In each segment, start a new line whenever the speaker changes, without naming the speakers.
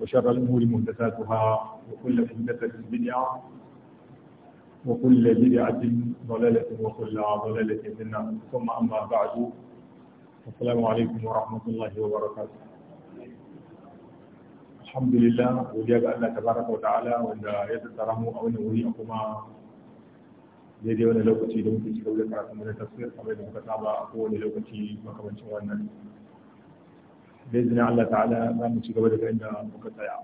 وشر الأمور مهدثاتها وكل مهدثة بدعة وكل بدعة ضلالة وكل ضلالة في النار ثم أما بعد السلام عليكم ورحمة الله وبركاته الحمد لله وجاب الله تبارك وتعالى وأن يتترم أو نوريكما daidai wani lokaci da muke cikin wani karatu na tafsir kamar da muka saba a kowane lokaci makamancin wannan da izinin Allah ta'ala za mu ci gaba daga inda muka tsaya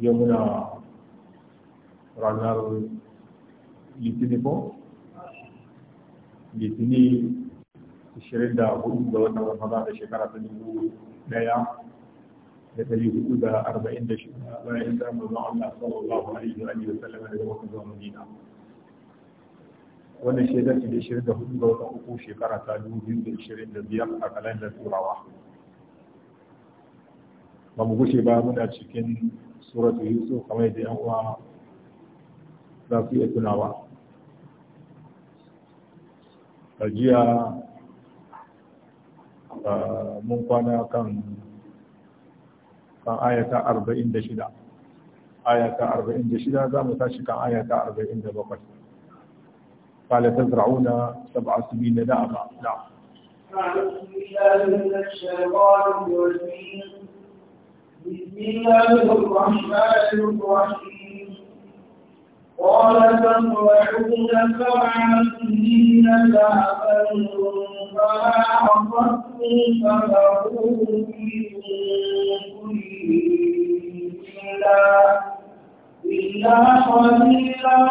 yau muna ranar litini ko litini 24 ga watan ramadan da shekara ta dubu daya da dari hudu da arba'in da shida bayan da mazan daga makan zuwa wannan shaidar da 24 ga wata uku shekara ta 2025 a kalandar turawa ba mu gushe ba muna cikin suratu yusuf kamar da yan uwa za su iya tunawa a mun kwana kan kan ayata 46 ayata 46 za mu tashi kan ayata 47 قال تزرعون سبع سنين دابا نعم
أعوذ بالله من الشيطان الرجيم بسم الله الرحمن الرحيم قال تزرعون سبع سنين دابا فما حصدتم فذروه في سنبله إلا إلا قليلا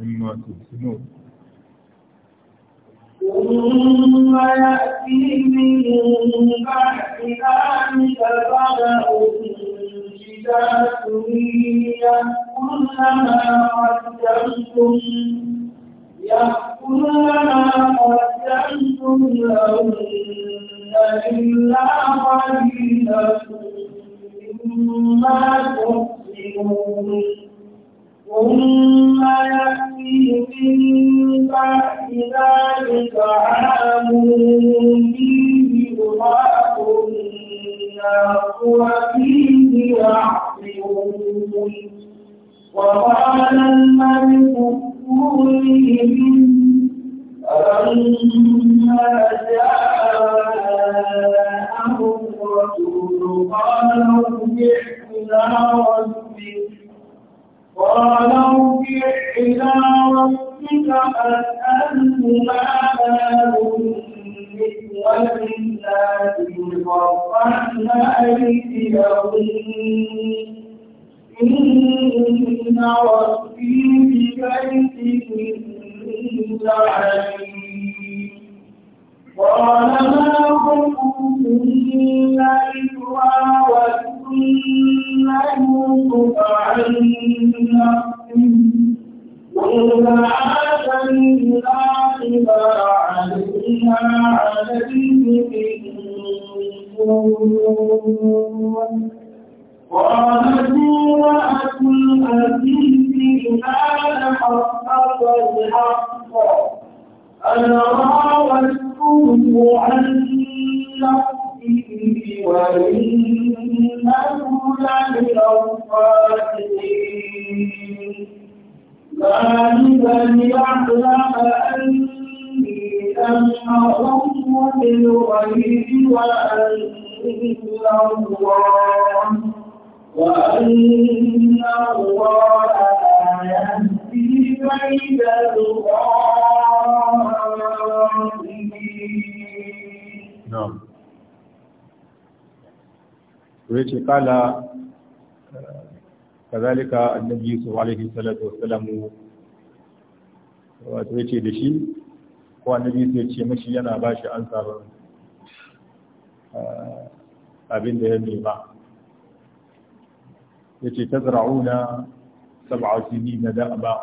مما تحسنون ثم يأتي من بعد ذلك بدء شتات يأكل ما قدمتم يأكل ما قدمتم لهن إلا قليلا مما تحسنون ثم يأتي من بعد ذلك عام فيه يضاف الناس وفيه يعصرون وقال الملك ائتوني به فلما جاءهم رسول قال ارجع إلى ربك قال ارجع إلى ربك فاسأله ما بال النسوة التي قطعن أيديهن إن ربي بكيدهن عليم قال ما خطبكن إذ راوتن يوسف عن نفسه وإذا عاد إلى عليها عليه من قالت امرأة العزيز الحق أنا راودته عن نفسه وإن إنه لمن الصادقين
ذلك ليعلم
أني لم أقم بالغيب وأن الله وأن الله لا يهدي كيد الظالمين
نعم to yace kala kazalika annabi yusuf alaihi salatu wassalam wato yace da shi ko annabi yusuf yace mashi yana ba shi ansa ah, abin da ya nema yace tazra'una sab'a na da'aba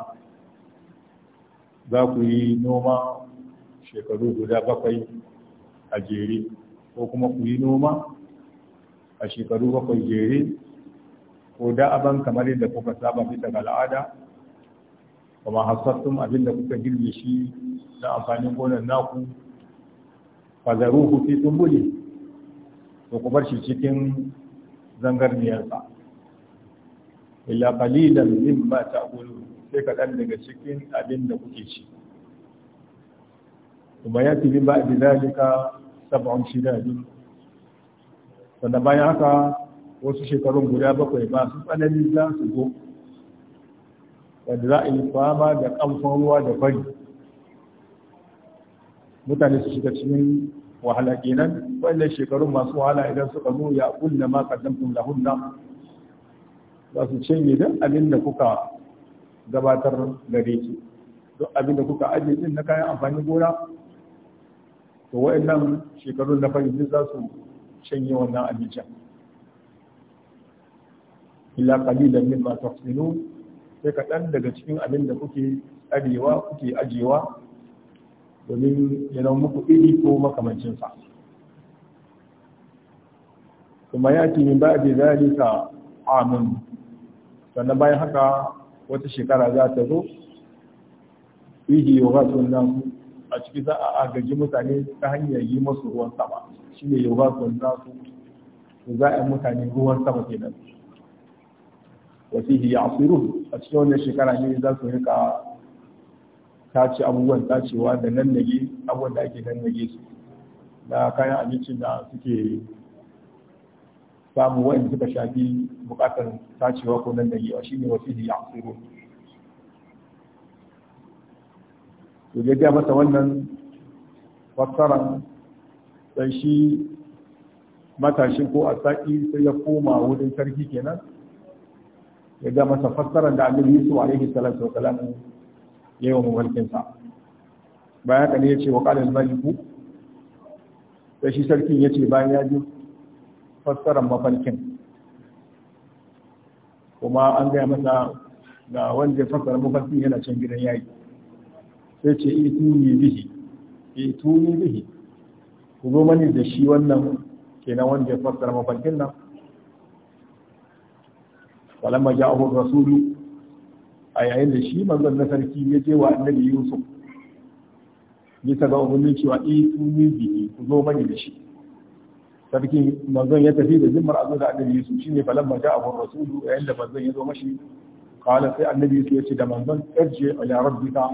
za ku yi noma shekaru guda bakwai a jere ko kuma ku yi noma a shekaru bakwai jere ko da aban kamar yadda kuka saba bisa ga al'ada kuma hasassun abinda kuka girbe shi na amfanin gonar naku fazaruhu fi tumbuli to ku bar shi cikin zangarniyarsa illa qalilan mimma ta'kulun sai kaɗan daga cikin abin da kuke ci kuma ya fi ba bi zalika sab'un shidadun sannan bayan haka wasu shekarun guda bakwai ba su tsanani za su go wanda za a yi fama da kamfan ruwa da fari mutane su shiga cikin wahala kenan wannan shekarun masu wahala idan suka zo ya kunna ma kaddamtum lahunna ba su ne duk abin da kuka gabatar gare ki duk abin da kuka ajiye din na kayan amfani gona to wayannan shekarun na fari za su shanye wannan abincin illa min ma tafsilu sai kaɗan daga cikin abin da kuke arewa kuke ajewa domin ya zama muku iri ko makamancinsa kuma ya ce min ba'di zalika amin sannan bayan haka wata shekara za ta zo fihi yughasu an a ciki za a agaji mutane ta hanyar yi masu ruwan sama shi ne yau ba su su za a yi mutane ruwan sama ke nan wasihi ya asiru a cikin wannan shekara ne za su rika tace abubuwan tacewa da nan nage abubuwan da ake nan nage su da kayan abincin da suke samu wa'in suka shafi bukatar tacewa ko nan nagewa shi ne wasihi ya asiru to ya gaya masa wannan fassaran Sai shi matashin ko a sa'i sai ya koma wurin sarki kenan ya ga masa fassarar da annabi Yusuf alaihi salatu wasalam ya yi wa mulkin sa bayan kan ya ce wa qala al-maliku sai shi sarkin ya ce bayan ya ji fassarar mafarkin kuma an gaya masa ga wanda ya fassara mafarkin yana can gidan yayi sai ce ituni bihi ituni bihi ku zo mani da shi wannan kenan wanda ya fassara mafarkin nan walamma ja'ahu rasulu a yayin da shi manzon na sarki ya je wa annabi yusuf bisa ga umarnin cewa itu eh, ni bihi ku zo mani da shi sarki manzon ya tafi da zimmar azo da annabi yusuf shine falamma ja'ahu rasulu yayin da manzon ya zo mashi qala sai annabi yusuf ya ce da manzon irji ila rabbika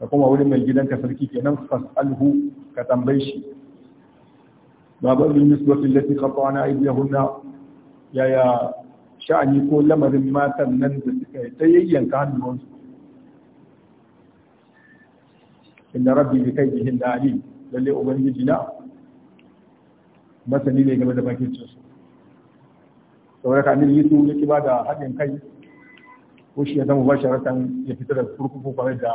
ka koma wurin mai gidanka sarki kenan fasalhu ka tambaye shi babu bin miswati lati qata'na aydiyahunna ya ya sha'ani ko lamarin matan nan da suka ta yayyanka hannuwansu inna rabbi bi kaydihin lalle ubangiji na masani ne game da bakin su saboda ka yi su yake ba da haɗin kai ko shi ya zama ba shi rakan ya fita da kurkuku kwarai da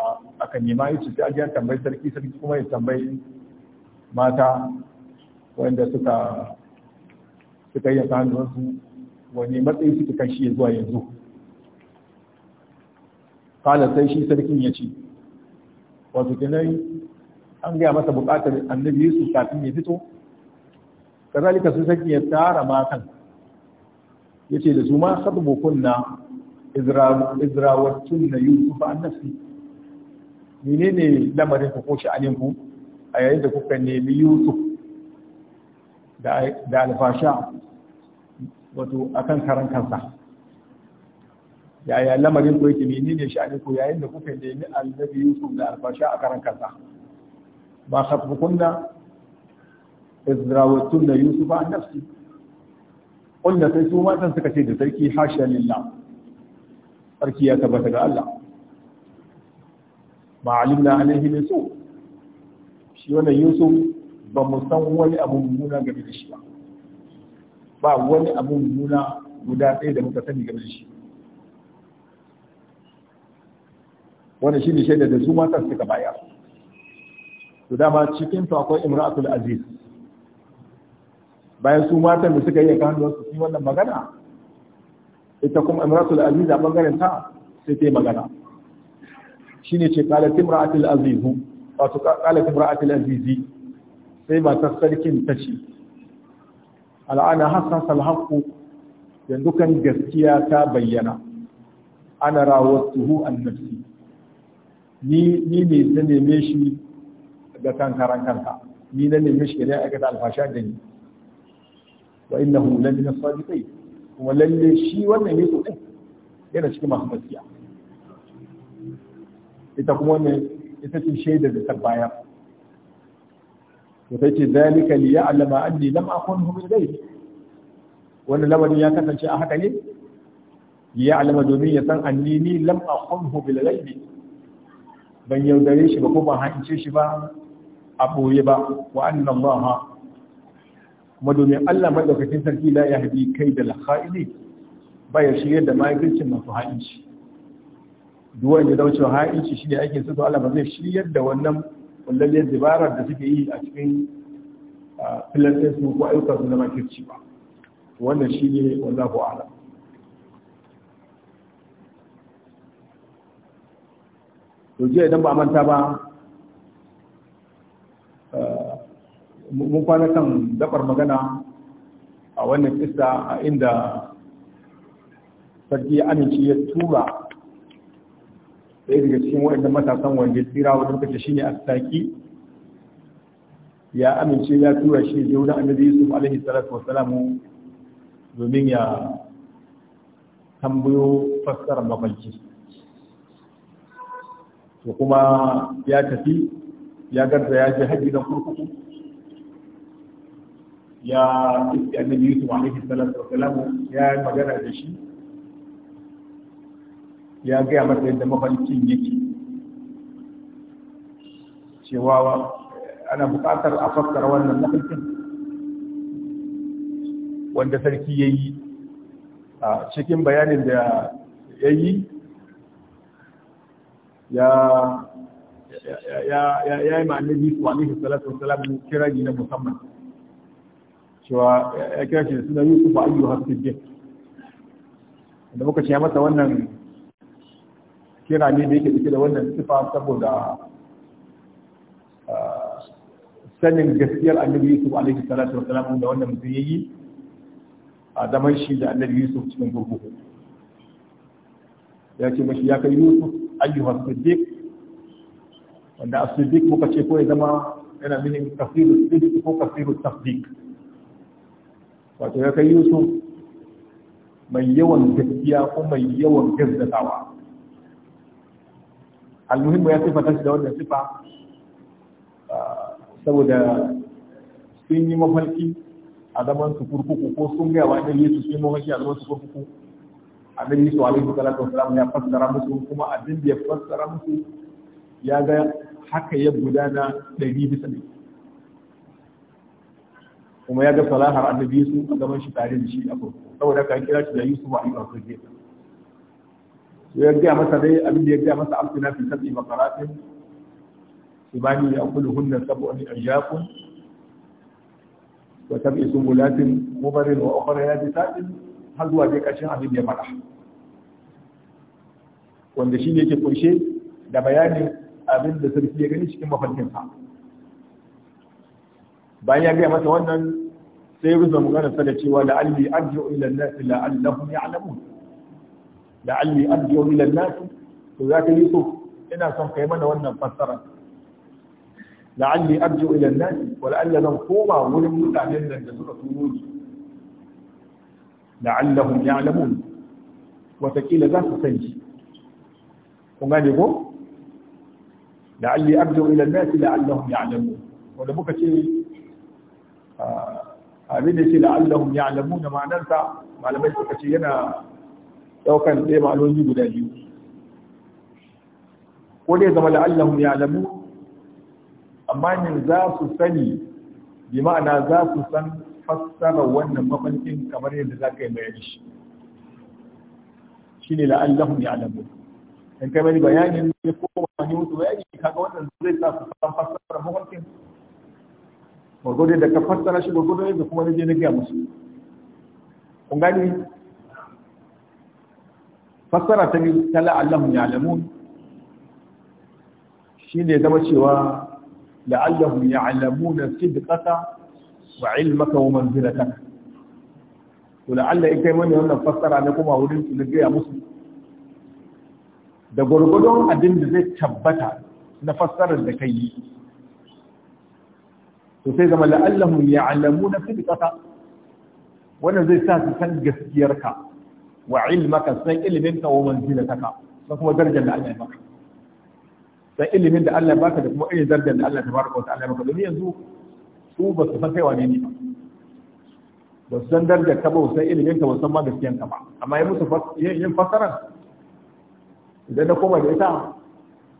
aka nema ya ce sai ajiyar tambayi sarki sarki kuma ya tambayi mata wanda suka suka yi wasu, wani matsayi suka kan shi zuwa yanzu kala sai shi sarkin ya ce wasu kinai an gaya masa bukatar annabi yusuf kafin ya fito kazalika sun sarki ya tara matan ya ce da su ma bukun kunna izrawattun na yusuf an nafsi ne lamarin ku ko sha'anin ku a yayin da kuka nemi yusuf da alfasha wato akan karan kansa yaya lamarin ku yake mene ne ku yayin da kuka nemi annabi yusuf da alfasha a karan kansa ba khatbukunna izrawattun na yusuf an nafsi wanda sai su matan suka ce da sarki hasha lillah sarki ya tabbata ga Allah ba alimna alaihi ne su shi wannan yusuf ba mu san wani abu mummuna game da shi ba ba wani abu mummuna guda ɗaya da muka sani game da shi wanda shi ne shaidar da su matan suka bayar to dama cikin su akwai imra'atul aziz bayan su matan da suka yi kan su yi wannan magana ita kuma imratul aziz a bangaren ta sai ta yi magana ne ce qalat imra'atul azizu wato qalat imra'atul azizi sai ba sarkin ta ce al'ana hasasal haqqu yanzu kan gaskiya ta bayyana ana rawatuhu tuhu nafsi ni ni ne na neme shi ga kankaran kanka ni na neme shi ga aikata alfasha da ni wa innahu lamina sadiqin kuma lalle shi wannan yesu din yana cikin masu gaskiya ita kuma wannan ita ce shaida da ta baya to sai ce zalika li ya'lama anni lam akunhu min ghayri wannan lamarin ya kasance a haka ne li ya'lama domin ya san anni ni lam akunhu bil ghaibi ban yaudare shi ba ko ban hance shi ba a boye ba wa anna allaha kuma domin Allah madaukakin sarki la ya haɗi kai da lakha'ili ba ya shirya da ma'aikacin masu ha'inci duwan ya dauce ha'inci shi ne ake su to Allah ba zai shiryar da wannan kullaliyar dabarar da suke yi a cikin filantin su ko ayyukan su zama kirci ba wannan shi ne wallahu a'lam to jiya idan ba manta ba mun kwana kan dafar magana a wannan kista a inda sarki ya amince ya tura ɗaya daga cikin waɗannan matasan wanda tsira wajen kace shi ne astaki ya amince ya tura shi ne wurin annabi yusuf alaihi salatu wasalamu domin ya tambayo fassarar mafarki to kuma ya tafi ya garza ya je hajji don kurkuku ya iske annabi yusuf alaihi salatu wa salamu ya yi magana da shi ya gaya masa yadda mafarkin yake cewa ana buƙatar a fassara wannan mafarkin wanda sarki ya yi a cikin bayanin da ya yi ya ya ya yi ma'anin yusuf alaihi salatu wa salamu kira kirari na musamman cewa ya kira shi da suna yusuf ayyuha siddiq da muka ce masa wannan kira ne da yake cike da wannan sifa saboda ah, sanin gaskiyar annabi yusuf alaihi salatu wa salam da wannan mutum yayi a zaman shi da annabi yusuf cikin gurguku ya ce mashi ya kai yusuf ayyuhas siddiq wanda as-siddiq muka ce ko ya zama yana nufin kasiru siddiq ko kafiru tasdiq wato ya kai yusuf mai yawan gaskiya ko mai yawan gazzatawa almuhimmu ya sifata shi da wannan sifa ah, saboda sun yi mafarki a zaman su kurkuku ko sun gaya wa ɗan Yesu sun yi mafarki a zaman su kurkuku annabi Yesu alaihi salatu wasalam ya fassara musu kuma abin da ya fassara musu ya ga haka ya gudana ɗari bisa ne. kuma ya ga salahar annabi su a gaban shi tare da shi a ko saboda ka kira shi da Yusuf a ibn Sirri ya ga masa dai abin da ya ga masa amsina fi sab'i baqaratin ibani ya kullu hunna sab'un ajafun wa sab'i sumulatin mubarin wa ukhra yabisatin har zuwa dai ƙarshen abin da ya faɗa wanda shi ne ke kunshe da bayanin abin da sarki ya gani cikin mafarkinsa bayan ya gaya masa wannan sai rufe magana sa da cewa la'alli arji'u ila an-nas la'allahum ya'lamun la'alli arji'u ila an-nas to zaka yi so ina son kai mana wannan fassara la'alli arji'u ila an-nas wa la'alla zan koma wurin mutanen nan da suka turo ni la'allahum ya'lamun watakila za su sanji kun gane ko la'alli arji'u ila an-nas la'allahum ya'lamun wanda muka ce ah, abin da ce alamu da ma'anarsa malamai suka ce yana daukan ɗaya ma'anoni guda biyu ko dai zama ya alamu amma ne za su sani bi ma'ana za su san fassara wannan mafarkin kamar yadda za ka yi bayani shi shine la'allahum ya'lamu in kai mai bayanin ne ko wani mutu bayani kaga wannan zai sa su san fassara mafarkin Gwargwadon da ka fassara shi gwargwadon da kuma na je na gaya musu kun gani fassara ta biyu ta lamu shi ne zama cewa ya la'allahum ya'lamuna sidqaka wa ilmaka wa manzilataka to la'alla ya kai mani wannan fassara na kuma wurin su na gaya musu da gwargwadon abin da zai tabbata na fassarar da kai yi to sai zama la'allahum ya'lamuna sidqaka wannan zai sa su san gaskiyarka wa ilmaka san ilimin iliminka wa manzilataka san kuma darajar da Allah ya baka san ilimin da Allah ya baka da kuma irin darajar da Allah ta tabaraka wa ta'ala ya baka domin yanzu su ba su san kai wane ne ba ba su san darajar ka ba san ilimin ka ba san ma ka ba amma ya musu yin fasara idan na koma da ita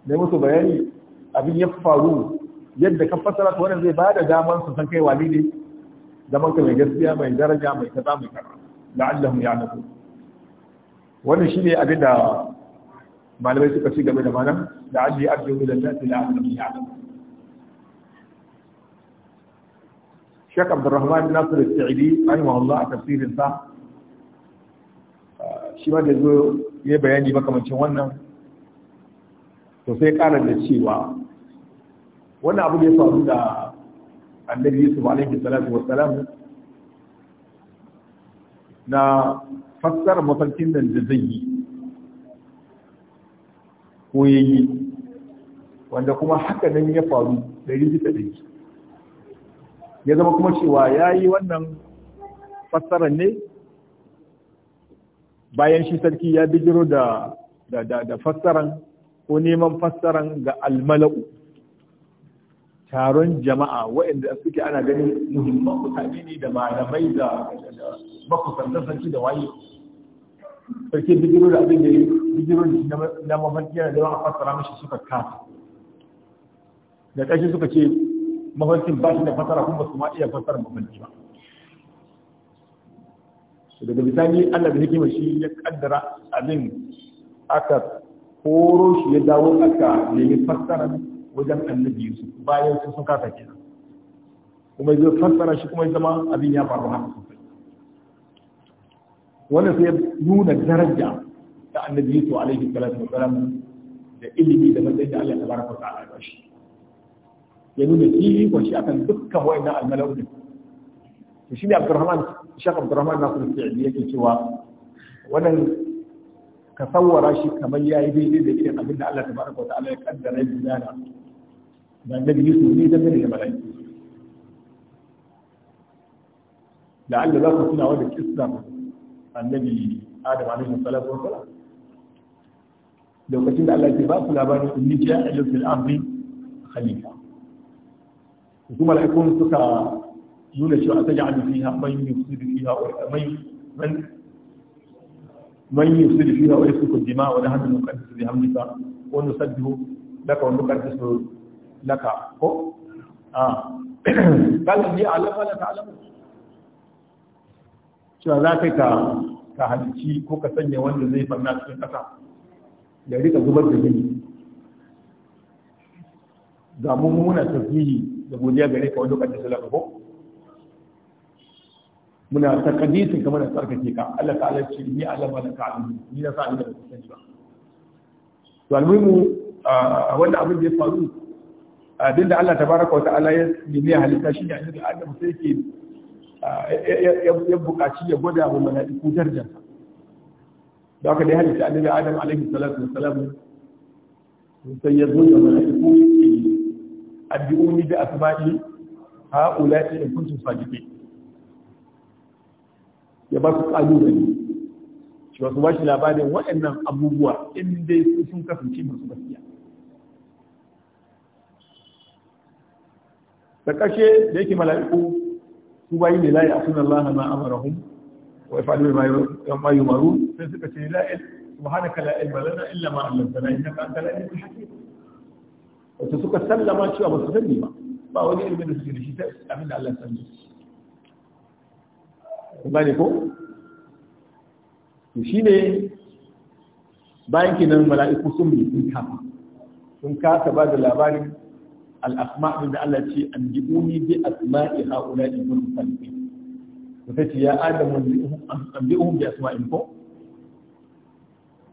da musu bayani abin ya faru yadda ka fasara ko wannan zai ba da daman su san kai wani ne zaman ka mai gaskiya mai daraja mai kaza mai kaza la'allahum ya'lamu wannan shine abin da malamai suka ci game da malam alli arju ila allati la'allahum ya'lamu Sheikh Rahman Nasir Al-Sa'idi rahimahullah a tafsirin sa shi ma da zo ya bayani makamancin wannan to sai ƙara da cewa wannan abu da ya faru da annabi yusuf alaihi salatu salam na fassara mafarkin nan da zai yi ko ya yi wanda kuma haka nan ya faru da ɗari ta ɗari ya zama kuma cewa ya yi wannan fassarar ne bayan shi sarki ya bijiro da da da fassaran ko neman fassaran ga almala'u taron jama'a waɗanda suke ana ganin muhimman mutane ne da malamai da makusantarsanci da waye sarki bigiro da abin da ya bigiro na mafarki yana da yawan fassara mashi suka kasa da ƙarshe suka ce mafarkin ba shi da fassara kuma su ma iya fassara mafarki ba daga bisani allah da hikima shi ya kaddara abin aka koro shi ya dawo aka nemi fassara wajen annabi yusuf bayan sun sun kasa kenan kuma zai fassara shi kuma zama abin ya faru haka sosai wannan sai nuna daraja ta annabi yusuf alaihi salatu wasalam da ilimi da matsayin da Allah tabaraka ta'ala ya bashi ya nuna kiyi ko shi akan dukkan wayannan almalau din to shine Abdurrahman Sheikh Abdurrahman Nasir Sa'idi yake cewa wannan ka sawwara shi kamar yayi daidai da irin abin da Allah tabaraka ta'ala ya kaddara ya gudana da annabi yusuf ne dangane da mala'iku la'alla za ku tuna wanda kissa annabi adam alaihi salatu wa salam lokacin da Allah ke ba su labarin inni ja'ilun fil ardi khalifa kuma mala'ikun suka nuna cewa a taja alu fiha man yusidu fiha wa man man man yusidu fiha wa yasfiku dima wa nahnu nuqaddisu bi hamdika wa nusabbihu laka wa nuqaddisu laka ko a ah. kalin ji alaƙa da ta'alamu cewa za ka yi ka halici ko ka sanya wanda zai farna cikin ƙasa ya rika zubar da gini ga mu muna tafiyi da godiya gare ka wani lokacin salama ko muna takadisin ka muna tsarkake ka Allah ta alarci ni alama da ka alamu ni na sa ni da ba ku sani ba to a ah, wanda abin da ya faru abin da Allah tabaraka wa ta'ala ya nemi halitta shi ne da Adam sai yake ya buƙaci ya gwada wa mala'iku darajar da haka dai halitta annabi Adam alaihi salatu wassalam sai ya zo da mala'iku addu'uni da asma'i ulati in kuntum sadiqin ya ba su kalubale shi wasu ba shi labarin waɗannan abubuwa in dai sun kasance masu gaskiya da kashe da yake mala'iku su bayi ne layi a sunan Allah na amarahum wa ya ifalu ma maru. sai suka ce la il subhanaka la ilma lana illa ma 'allamtana innaka kala alimul hakim wato suka sallama cewa ba su sani ba ba wani ilimin da suke da shi ta abin da Allah sani ku gane ko to shine bayan kinan mala'iku sun bi sun kafa sun kasa ba da labarin الأسماء من التي أنبئوني بأسماء هؤلاء من المخلوقين فتي يا آدم أنبئهم بأسمائهم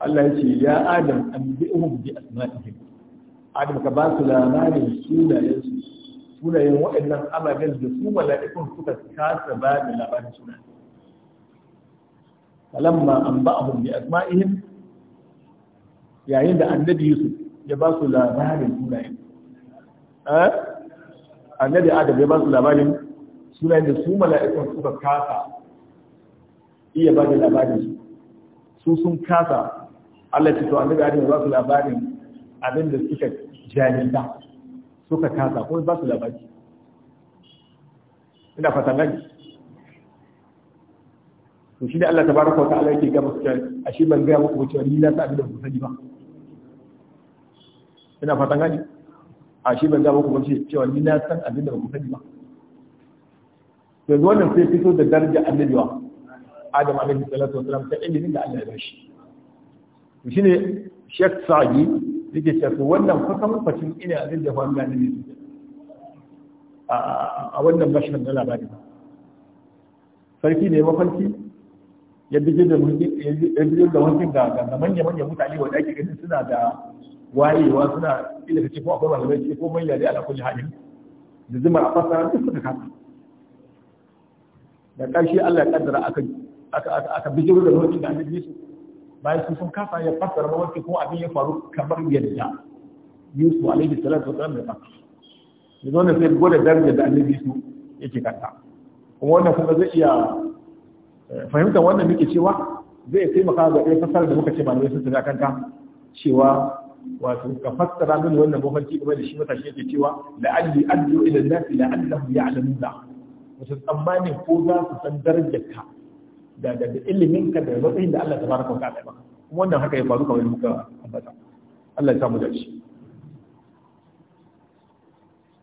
الله يتي يا آدم أنبئهم بأسمائهم آدم كبار سلامان سولة يسوس سولة ينوى إلا أما جل جسوم لا يكون كتب كاس باب لا باب سولة فلما أنبأهم بأسمائهم يعني عند النبي يوسف يبقى سلامان سولة يسوس Eh? annabi adam ya ba su labarin suna yadda su mala'ikun suka kasa iya ba da labarin su sun kasa Allah ce to annabi adam ya ba su labarin abinda suka jahilta suka kasa kuma ba su labari ina fatan nan to shi da Allah tabaraka wa ta'ala yake ga a shi ban gaya muku cewa ni na sa abin ku sani ba ina fatan gani a shi ban gaba kuma ce cewa ni na san abin da ba ku sani ba yanzu wannan sai fito da daraja annabiwa adam alaihi salatu wasalam ta ilimin da Allah ya bashi to shine shek sa'i yake cewa wannan kusan fatin ina abin da faru da annabi a wannan bashin da labari sarki ne mafarki ya bije da ya bije da wankin ga manya manya mutane wadda ake ganin suna da wayewa suna ila kace ko akwai malamai ko manya dai ala kulli halin da zuma a fasara duk suka kafa da ƙarshe Allah ya kaddara aka aka aka bijiro da lokacin da annabi Yusuf bayan su sun kafa ya fasara mawarki ko abin ya faru kamar yadda Yusuf alaihi salatu wasallam ya faɗa ya zo ne sai gode darajar da annabi Yusuf yake kanta kuma wannan kuma zai iya eh, fahimta wannan muke cewa zai taimaka ga ɗaya fasar da muka ce ba ne sun tsaya kanka cewa wato ka fassara min wannan mafarki kuma da shi matashi yake cewa la'alli adu ila nasi la'allahum ya'lamuna wato tsammanin ko za su san darajarka da da ilimin ka da matsayin da Allah tabaraka wa ta'ala kuma wannan haka ya faru kamar muka ambata Allah ya samu dace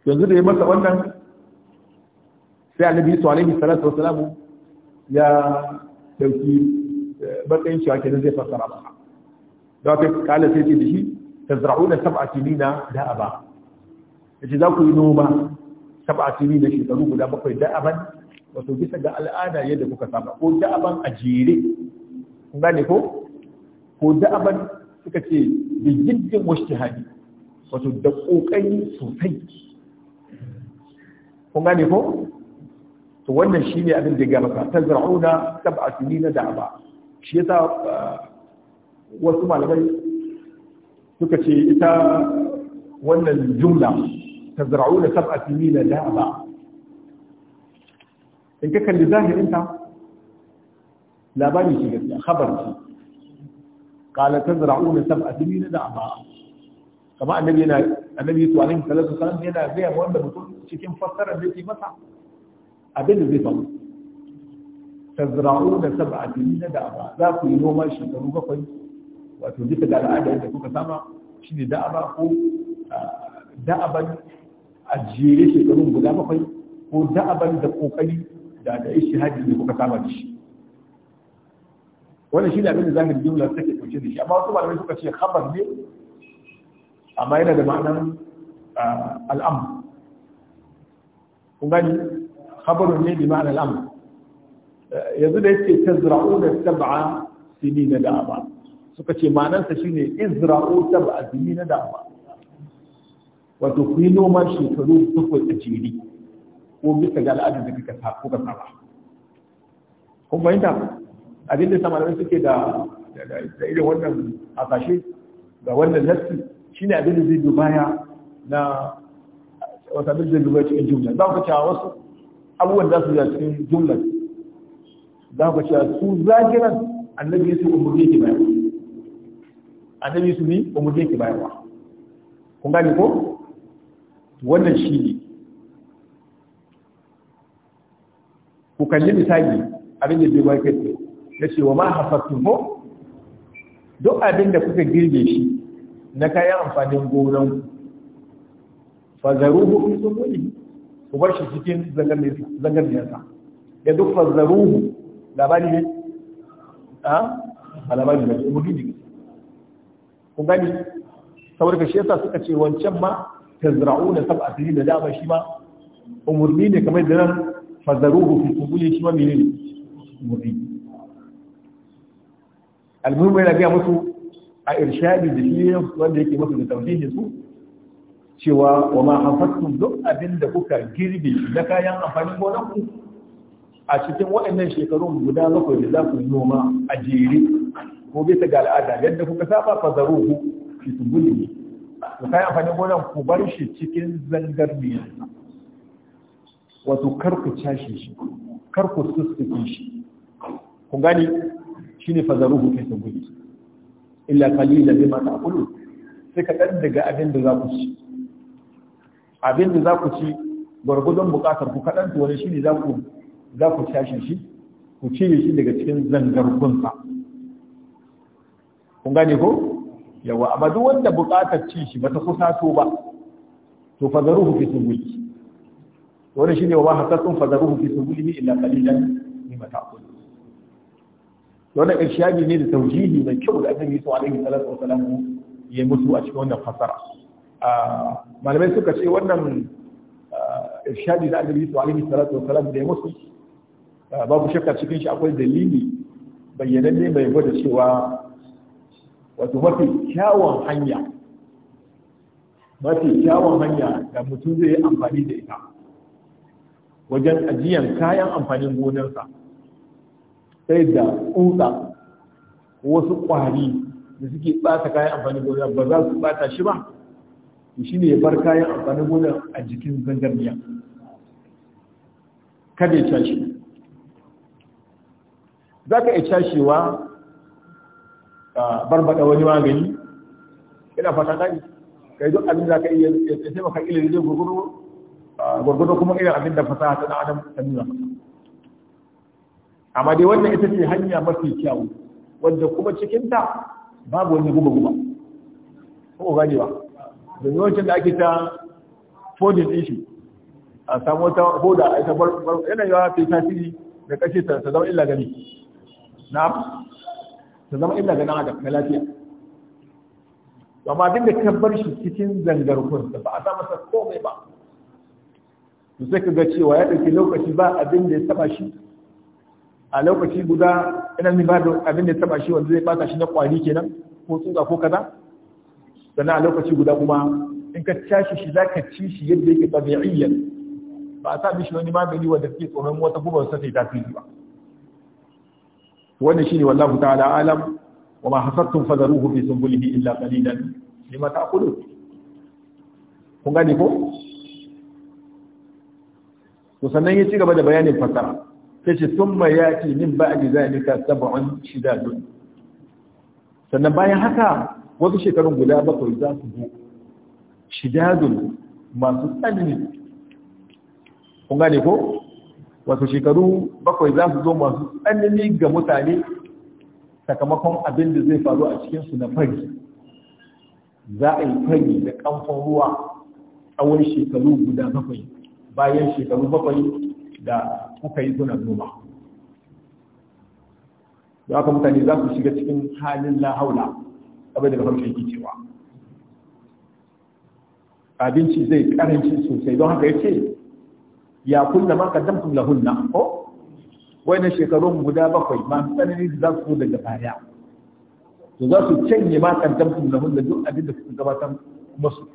yanzu da ya masa wannan sai annabi sallallahu alaihi salatu ya dauki eh, matsayin shi kenan zai fassara masa da aka kala sai ce da shi tazra'una sab'a sinina da'aba yace za ku yi noma sab'a sinina shekaru guda bakwai da'aban wato bisa ga al'ada yadda kuka saba ko da'aban a jere kun gane ko ko da'aban suka ce bi jiddin washtihadi wato da kokari sosai kun gane ko to wannan shine abin da ga maka tazra'una sab'a sinina da'aba shi yasa wasu malamai suka ce ita wannan jumla ta zara'u da sab'a na da ba in ka kalli zahirinta labari shi gaskiya khabar ce qala tazra'una sab'a na da ba kama annabi yana annabi Yusuf alaihi salatu wasalam yana gaya da mutum cikin fassara, da yake masa abin da zai faru tazra'una sab'a na da ba za ku yi noma shekaru bakwai wato bisa da al'ada da kuka sama shine da'aba ko da'aban a jere shekarun guda bakwai ko da'aban da kokari da da ishihadi da kuka sama da shi wannan shine abin da zaka jumla take dauke da shi amma wasu malamai suka ce khabar ne amma yana da ma'anar al'am kun gani khabarun ne bi ma'anar al'am yanzu da yake tazra'una sab'a sinina da'aba suka ce manansa ne izra'u jini na dama wato ku yi noma shekaru bakwai a jiri ko bisa ga al'adun da kuka sa kuka saba kun fahimta abin da samarai suke da irin wannan hasashe ga wannan nassi shine abin da zai bi baya na wata abin da zai cikin jumla za ku cewa wasu abubuwan za su yi cikin jumla za ku cewa su zagiran annabi ya su umarni ke bayan annabi su ne ba mu je ki bayarwa kun gane ko wannan shi ne ku kalli misali abin da bai kai ce na cewa ma hafattu ko duk abin da kuka girbe shi na kayan amfanin gonan fazaruhu in sun wani ku bar shi cikin zangarniyarsa ya duk fazaruhu labari ne ah, a labari ne jiki ku gani saboda shi yasa suka ce wancan ma da sab'a da dama shi ma umurni ne kamar da fazaruhu fi kubuli shi ma ne umurni almuhimmi na gaya musu a irshadi da shi wanda yake musu da ne su cewa wa ma don duk abin da kuka girbe na kayan amfanin gonar ku a cikin waɗannan shekarun guda bakwai da za ku yi noma a jere ko bisa ga al'ada yadda kuka saba ku fi tumbuli ku kai amfani gonan ku bar shi cikin zangar zangarniya wato kar ku cashe shi kar ku sussuke shi ku gani shine ku fi tumbuli illa qalila bima ta'kulun sai ka dan daga abin da za ku ci abin da za ku ci gwargwadon bukatar ku kaɗan to wani shine za ku za ku tashi shi ku cire shi daga cikin zangargunsa kun gane ko yawa amma duk wanda buƙatar ci shi ba ta to ba to fazaruhu fi subuli wani shine wa hasatun fazaruhu fi sulmi illa qalilan mimma ta'kul wannan irshadi ne da tawjihi mai kyau da annabi sallallahu alaihi wasallam ya mutu a cikin wannan fasara malamai suka ce wannan irshadi da annabi sallallahu alaihi wasallam da ya mutu Ah, babu shakka cikin shi akwai dalili bayyananne mai gwada cewa wato mafi kyawun hanya mafi kyawun hanya da mutum zai yi amfani da ita wajen ajiyan kayan amfanin gonarsa sai da tsutsa wasu ƙwari da suke ɓata kayan amfanin gonar ba za su ɓata shi ba to shi ne ya bar kayan amfanin gonar a jikin zangarniya kada ya tashi za ka iya cashewa barbada wani magani ina fata ɗari kai duk abin da ka iya ya taimaka ilimi zai gurguru kuma irin abin da fasaha ta ɗan adam ta nuna amma dai wannan ita ce hanya mafi kyawu wadda kuma cikinta babu wani guba-guba ko gani ba domin wancan da ake ta fodin issue a samu wata hoda a ita bar yana yawa ta tasiri da kashe ta zama illa gani na'am ta zama illa ga dan adam na lafiya amma duk da ka bar shi cikin zangarkun da ba a sa masa komai ba to sai ka ga cewa ya ɗauki lokaci ba abin da ya taba shi a lokaci guda ina ni ba da abin da ya taba shi wanda zai bata shi na kwari kenan ko tsuga ko kaza sannan a lokaci guda kuma in ka tashi shi zaka ci shi yadda yake tabi'iyyan ba a sa mishi wani magani wanda ke tsoron wata gubar sa ta yi tasiri ba wannan shine wallahu ta'ala alam wa ma hasattum fadaruhu fi sunbulihi illa qalilan lima ta'qulun kun gane ko to sannan ya ci gaba da bayanin fasara sai ce thumma yati min ba'di zalika sab'un shidadun sannan bayan haka wasu shekarun guda bakwai za su zo shidadun masu tsanani kun gane ko wasu shekaru bakwai za su zo masu tsanani ga mutane sakamakon abin da zai faru a cikinsu na fari za a yi fari da kamfan ruwa tsawon shekaru guda bakwai bayan shekaru bakwai da kuka yi kuna noma za ka mutane za su shiga cikin halin lahaula abin da farko yake cewa abinci zai karanci sosai don haka ya ce ya kunna ma kaddamtum lahunna ko na shekarun guda bakwai ma tsanani da za su daga to za su ma kaddamtum lahunna duk abinda su gabatar musu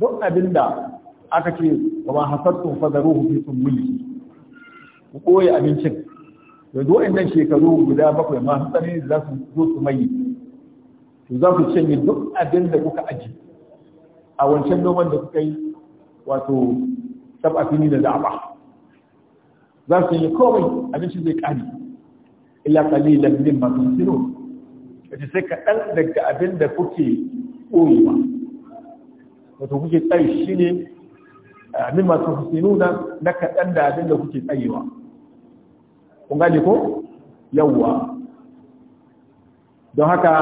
duk abinda aka ce kuma hasattum fadaruhu fi sumuli ku koyi abincin to duk wayannan shekaru guda bakwai ma tsanani da za su zo su mai to za cinye duk abinda kuka aji a wancan noman da kuka yi wato sab'a sini da zaɓa. za su yi komai abinci zai kare illa qalilan mimma tusirun kace sai ka dan daga abin da kuke koyewa wato kuke tsayi shine mimma tusiruna na kaɗan da abin da kuke tsayewa kun gane ko yawwa don haka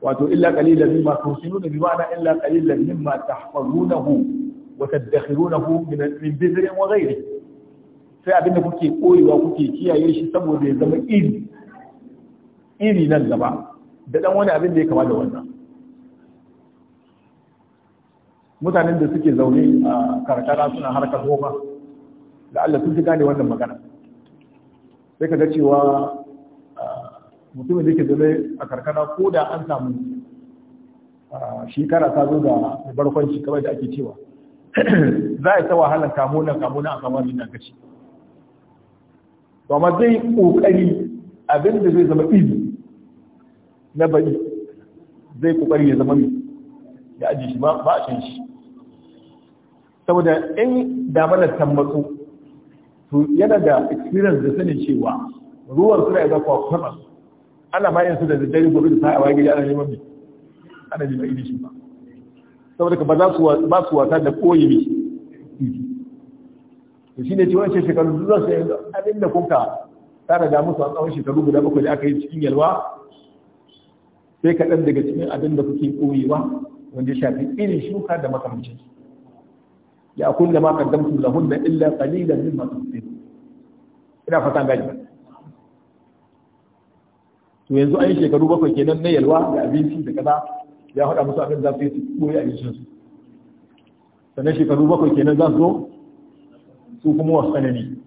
wato illa qalilan mimma da bi ma'ana illa qalilan mimma tahfazunahu wa tadakhirunahu min min bizrin wa sai abinda kuke koyewa kuke kiyaye shi saboda ya zama iri iri nan gaba da dan wani abin da ya kama da wannan mutanen da suke zaune a karkara suna harkar goma da Allah sun fi gane wannan magana sai ka ga cewa mutumin da ke zaune a karkara ko da an samu shekara ta zo da barkwanci kamar da ake cewa za a yi ta wahalar kamuna nan a kamar nan kashi ba ma zai kokari abin da zai zama izi na bari zai kokari ya zama mai ya aji shi ba a shan shi saboda in damanar tambatsu to yana da experience da sanin cewa ruwan suna ya zafa kwanan ana ma yin su da daddare gobe da sa'a a gida ana neman mai ana neman shi ba saboda ba za su ba su wata da koyi to shine ce wancan shekaru zuwa sai yi abin da kuka tare da musu a tsawon shekaru guda bakwai da aka yi cikin yalwa sai dan daga cikin abin da kuke koyewa wanda ya shafi irin shuka da makamci ya da ma kaddamtu da illa qalilan mimma tusbihu ina fata gani to yanzu an yi shekaru bakwai kenan na yalwa da abinci da kaza ya haɗa musu abin za su yi ɓoye a jikinsu sannan shekaru bakwai kenan za su zo su kuma wasu tsanani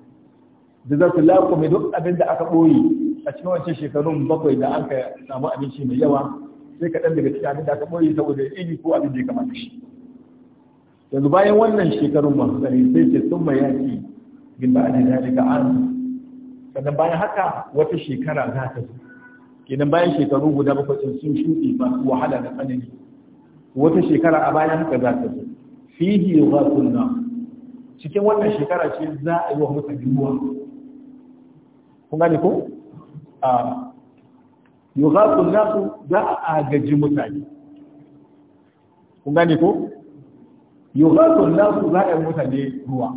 da za su laƙume duk abin da aka ɓoye a cikin wancan shekarun bakwai da an ka samu abinci mai yawa sai kaɗan daga cikin abin da aka ɓoye saboda iri ko abin da ya kamata shi yanzu bayan wannan shekarun masu tsari sai ce sun mai yaƙi bin ba'adin ka an sannan bayan haka wata shekara za ta zo idan bayan shekaru guda bakwai sun sun shuɗe su wahala da tsanani wata shekara a bayan haka za ta zo fihi yughathun nas cikin wannan shekara ce za a yi wa mutane ruwa kun gane ko a yughathun nas za a agaji mutane kun gane ko yughathun nasu za a yi mutane ruwa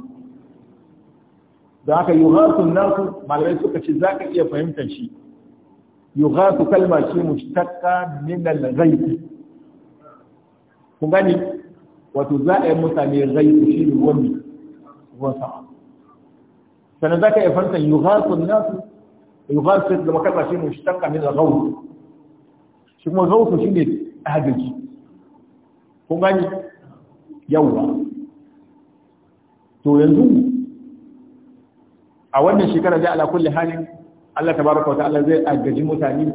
da haka yughathun nasu malamai suka ce za ka iya fahimtar shi yughathu kalma ce mushtaqqa min al-ghayth kun gani wato za a yi mutane ghayth shi ne wani ruwan sama sannan za ka yi fantan yughathu nasu yughathu da makalma ce mushtaqqa min al-ghawth shi kuma ghawth shi ne agaji kun gani yawwa to yanzu a wannan shekara da ala kulli halin Allah ta baraka wata ta'ala zai agaji mutane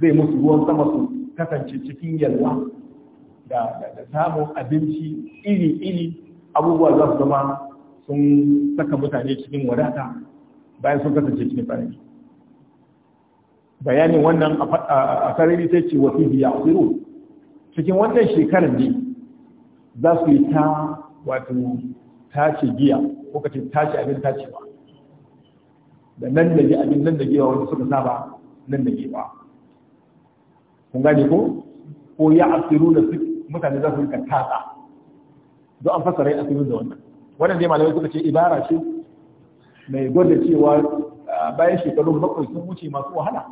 zai musu ruwan sama su kasance cikin yalwa da samun abinci iri-iri abubuwa za su zama sun saka mutane cikin wadata bayan sun kasance cikin farin bayanin wannan a sarari sai ce wasu biya tsiru cikin wannan shekarar ne za su yi ta wato tace giya ko kace tace abin tacewa da nan da abin nan da gewa wanda suka saba nan da gewa kun gane ko ko ya asiru da mutane za su rika tatsa don an fasara ya asiru da wannan wannan dai malamai suka ce ibara ce mai gwada cewa bayan shekaru bakwai sun wuce masu wahala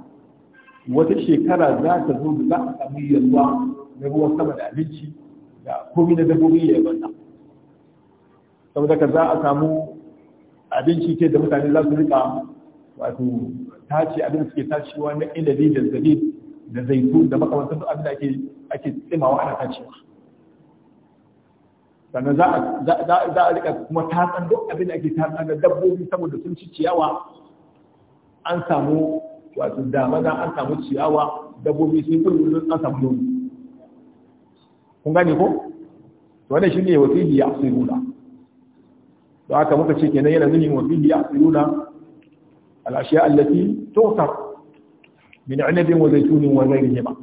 wata shekara za ta zo da za a samu yalwa na ruwan sama da abinci da komi na dabbobi ya yabanta saboda ka za a samu abinci ce da mutane za su rika wato tace abin da suke tacewa na ilabi da zabi da zaitu da makamantar abin da ake ake tsimawa ana tacewa sannan za a rika kuma tatsan duk abin da ake tatsan da dabbobi saboda sun ci ciyawa an samu wato maza an samu ciyawa dabbobi sun yi an samu nomi kun gane ko wannan shine wasiyya asiruna don haka muka ce kenan yana nuni wasiyya asiruna الأشياء التي تغتر من عنب وزيتون وغيرهما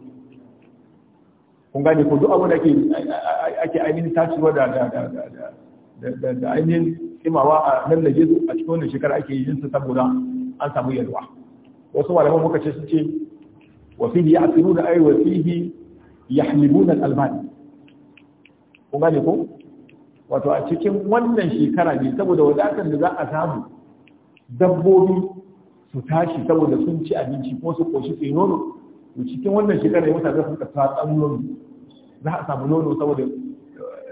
kun gane ko duk abin da ake ainihin tacewa da da ainihin imawa a lallaje su a cikin wannan shekara ake yin su saboda an samu yalwa wasu malaman muka ce su ce wa fihi ya'tiruna ay wa fihi yahmiluna al-albani kun gane ko wato a cikin wannan shekara ne saboda wadatar da za a samu dabbobi su tashi saboda sun ci abinci ko su koshi su yi nono to cikin wannan shekarar ya mutane sun kasa tsan nono za a samu nono saboda eh,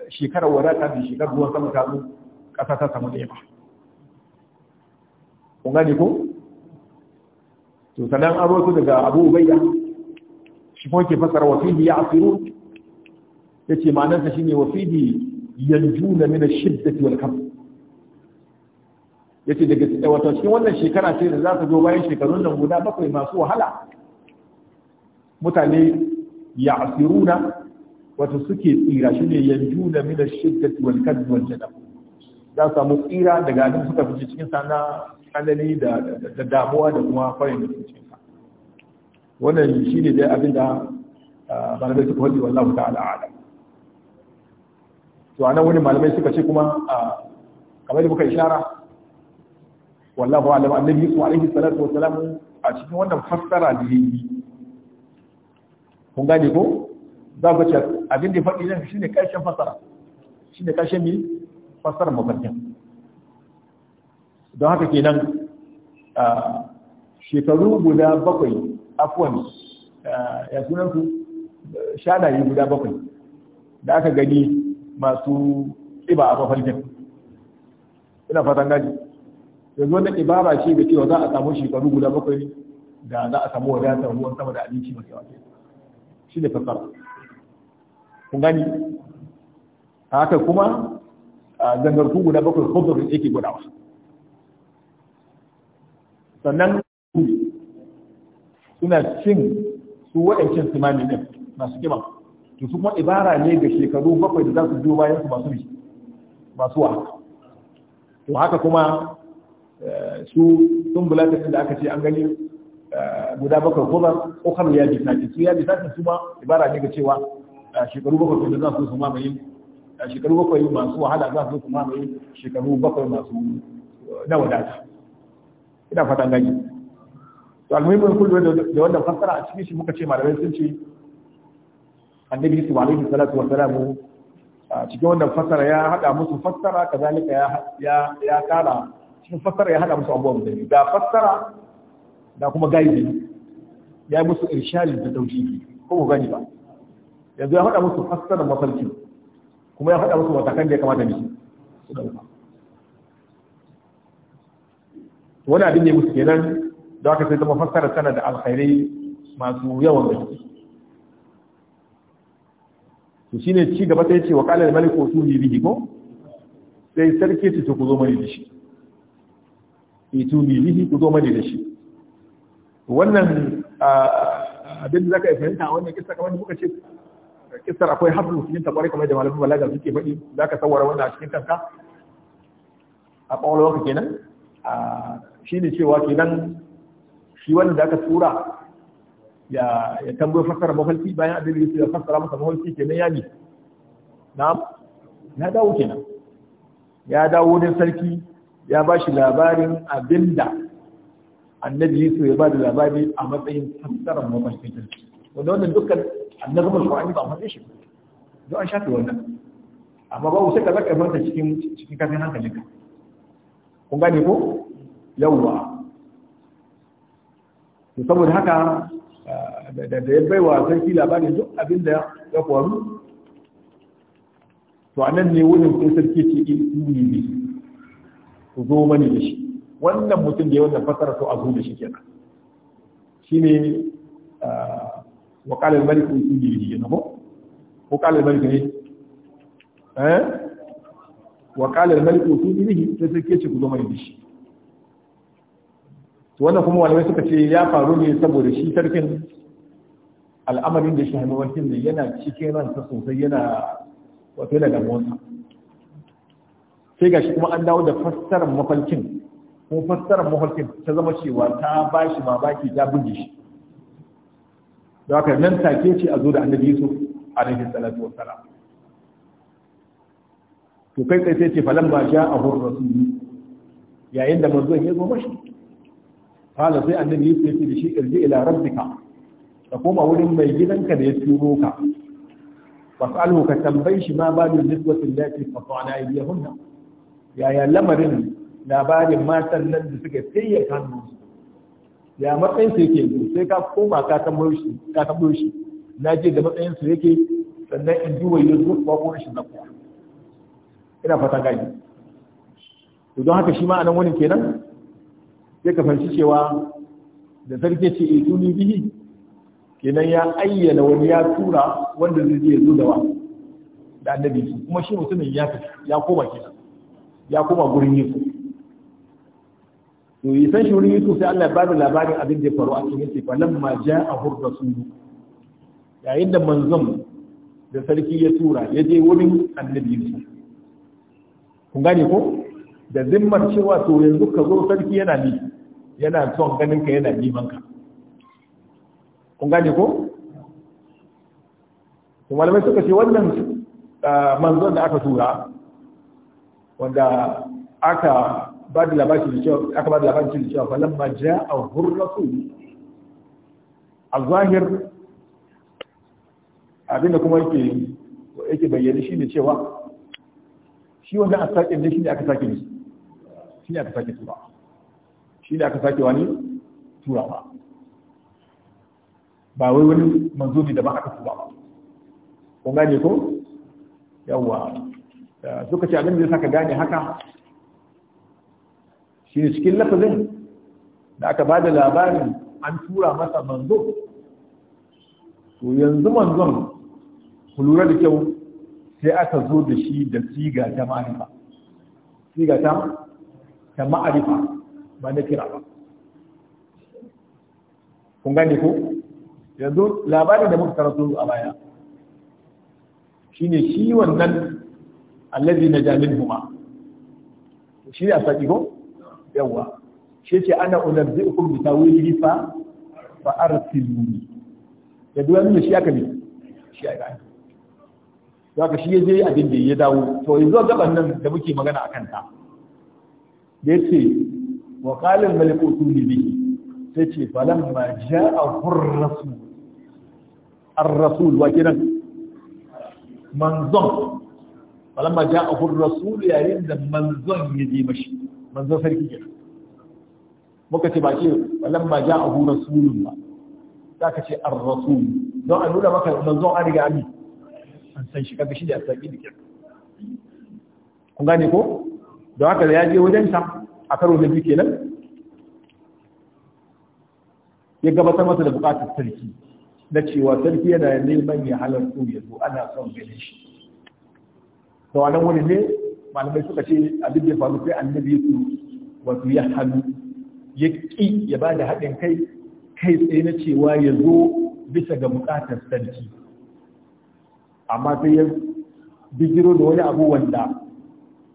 shekarar wadata da shekarar ruwan sama ta zo ƙasa ta samu ɗaya ba kun gane ko to sanan an rotu daga abu Bayya, shi kuma ke fasara wa fili ya asiru ce ma'anarsa shine wa yanzu yanjuna min ash-shiddati wal khawf ce daga wato cikin wannan shekara ce da za ta zo bayan shekarun nan guda bakwai masu wahala mutane ya asiruna wato suke tsira shi ne yanzu da mina shidda wal kadb wal za su samu tsira daga abin suka fice cikin sana tsanani da damuwa da kuma farin da cikin sa wannan shine dai abin da ah, malamai suka faɗi wallahu ta'ala a'lam to anan wani malamai suka ce kuma ah, kamar da muka ishara wallahu alam annabi su alaihi salatu wasalam a cikin wannan fassara da yayi kun gane ko za ku ce abin da faɗi nan shine karshen fassara shine karshen mi fassara mafarkin don haka kenan shekaru guda bakwai afwan ya sunan su shanaye guda bakwai da aka gani masu ƙiba a mafarkin ina fatan gaji yanzu wannan ibara ce da cewa za a samu shekaru guda bakwai da za a samu wadatar ruwan sama da abinci mai yawa shi ne fasara kun gani haka kuma zangarku guda bakwai da yake gudawa sannan suna cin su waɗancan simami ɗin masu kima to su kuma ibara ne ga shekaru bakwai da za su biyo bayan su masu masu wa to haka kuma Eh, su sun bulata da aka ce an gani eh, guda bakwai ko ba kokar ya bi sati su ya bi sati su ma ibara ne ga cewa eh, shekaru bakwai da za su su mamaye shekaru bakwai masu wahala za su su mamaye shekaru bakwai masu na wadata ina fatan gani to almuhimmin kullu da wannan fassara a cikin shi muka ce malamai sun ce annabi Yusuf alaihi salatu wa salamu cikin wannan fassara ya hada musu fassara kazalika ya ya ya kara cikin fassara ya hada musu abubuwan da ga fassara da kuma gaibi ya yi musu irshali da tauhidi ko mu gani ba yanzu ya hada musu fassara mafarki kuma ya hada musu matakan da ya kamata ne su ɗauka. wani abin ne musu kenan da aka sai zama fassara tana da alkhairai masu yawan gaske to shine ci gaba sai ce wa qala al-malik bihi ko sai sarki su ku zo mai da itubi bihi ku zo mani da shi wannan abin da zaka yi fahimta a wannan kissa kamar da muka ce kissar akwai hafin musulmin tabari kamar da malamin balaga suke faɗi za ka sawara wannan a cikin kanka a ƙwaƙwalwarka kenan shi ne cewa kenan shi wanda da aka tura ya tambayi fassara mafalki bayan abin da ya fassara masa mafalki kenan ya bi na ya dawo kenan ya dawo wajen sarki ya ba shi labarin da annabi yusuf ya ba da labari a matsayin fassarar mafarkin wanda wannan dukkan annabin shawani ba matsayin shi don an shafe wannan amma babu sai ka zaka manta cikin cikin kafin hankalinka kun gane ko yawwa to saboda haka eh, da ya baiwa sarki labari duk abin da ya faru to anan ne wurin sai sarki ce in ne ku zo mani da shi wannan mutum da ya wannan fasara to a zo da shi kenan shine wa qala al-malik usuli bihi nabo? ko ko qala al-malik ne eh wa qala al-malik usuli bihi sai sai ce ku zo mani da shi to wannan kuma walai suka ce ya faru ne saboda shi sarkin al'amarin da shi hannuwancin da yana cikin ransa sosai yana wato yana damuwarsa sai gashi kuma an dawo da fassarar mafalkin, ko fassarar mafalkin ta zama cewa ta ba shi ma baki ta buge shi da haka nan take ce a zo da annabi yusuf alaihi salatu wasala to kai kai sai ce falan ba ja a hur rasuli yayin da manzo ya zo mashi fala sai annabi yusuf ya ce da shi irji ila rabbika ka koma wurin mai gidanka da ya turo ka fasalhu ka tambayi shi ma ba da nisbatin lati fa ta'ala yaya lamarin labarin matan nan da suka tsaye hannu ya matsayin su yake sai ka koma ka tambayo shi ka tambayo shi na je da matsayin su yake sannan in duba yanzu ba ko shi na kuwa ina fata gani to don haka shi ma anan wani kenan sai ka fahimci cewa da sarki ce e tuni bihi kenan ya ayyana wani ya tura wanda zai je zo da wa da annabi kuma shi mutumin ya ya koma kenan ya kuma gurin yi to yi san shi wurin yusuf sai Allah ya bada labarin abin da ya faru a cikin ma ja a hurda su yayin da manzon da sarki ya tura ya je wurin annabi yusuf kun gane ko da zimmar cewa to yanzu ka zo sarki yana ni yana son ganin ka yana neman manka kun gane ko to malamai suka ce wannan ah, manzon da aka tura wanda aka ba da labarin da cewa aka ba da labarin da cewa falamma ja'a hurrasul a zahir abinda kuma yake yake bayyana shine cewa shi wanda a sake ne shine aka sake ne shine aka sake tura ne aka sake wani turawa ba wai wani manzo ne da ba aka tura ba kun gane ko yawwa suka ce abin da saka gane haka shi ne cikin lafazin da aka ba da labarin an tura masa manzo to yanzu manzon ku lura da kyau sai aka zo da shi da siga ta ma'arifa siga ta ta ma'arifa ba na kira ba kun gane ko yanzu labarin da muka karatu a baya shine shi wannan allazi jamin huma shi ne a saki ko yawa shi ce ana unabbi'ukum bi tawilihi fa fa arsiluni da duwan ne shi aka ne shi aka ne ka shi ya je abin da ya dawo to yanzu gaban nan da muke magana akan ta da yace wa qala al-malik utuni bihi sai ce ma ja'a ar-rasul ar-rasul wa kiran manzon falamma ja'ahu ar-rasul yayin da manzon ya je mashi manzon sarki ke muka ce ba ce falamma ja'ahu rasulun ba zaka ce ar-rasul don a nuna maka manzon an riga ami an san shi kaga shi da sarki ne kun gane ko don haka da ya je wajen sa a karo da biyu kenan ya gabatar masa da bukatar sarki na cewa sarki yana neman ya halarta ya zo ana son ganin shi da wannan wani ne malamai suka ce abin da faru sai annabi su wato ya hannu ya ƙi ya ba da haɗin kai kai tsaye na cewa ya zo bisa ga buƙatar sarki amma sai ya bijiro da wani abu wanda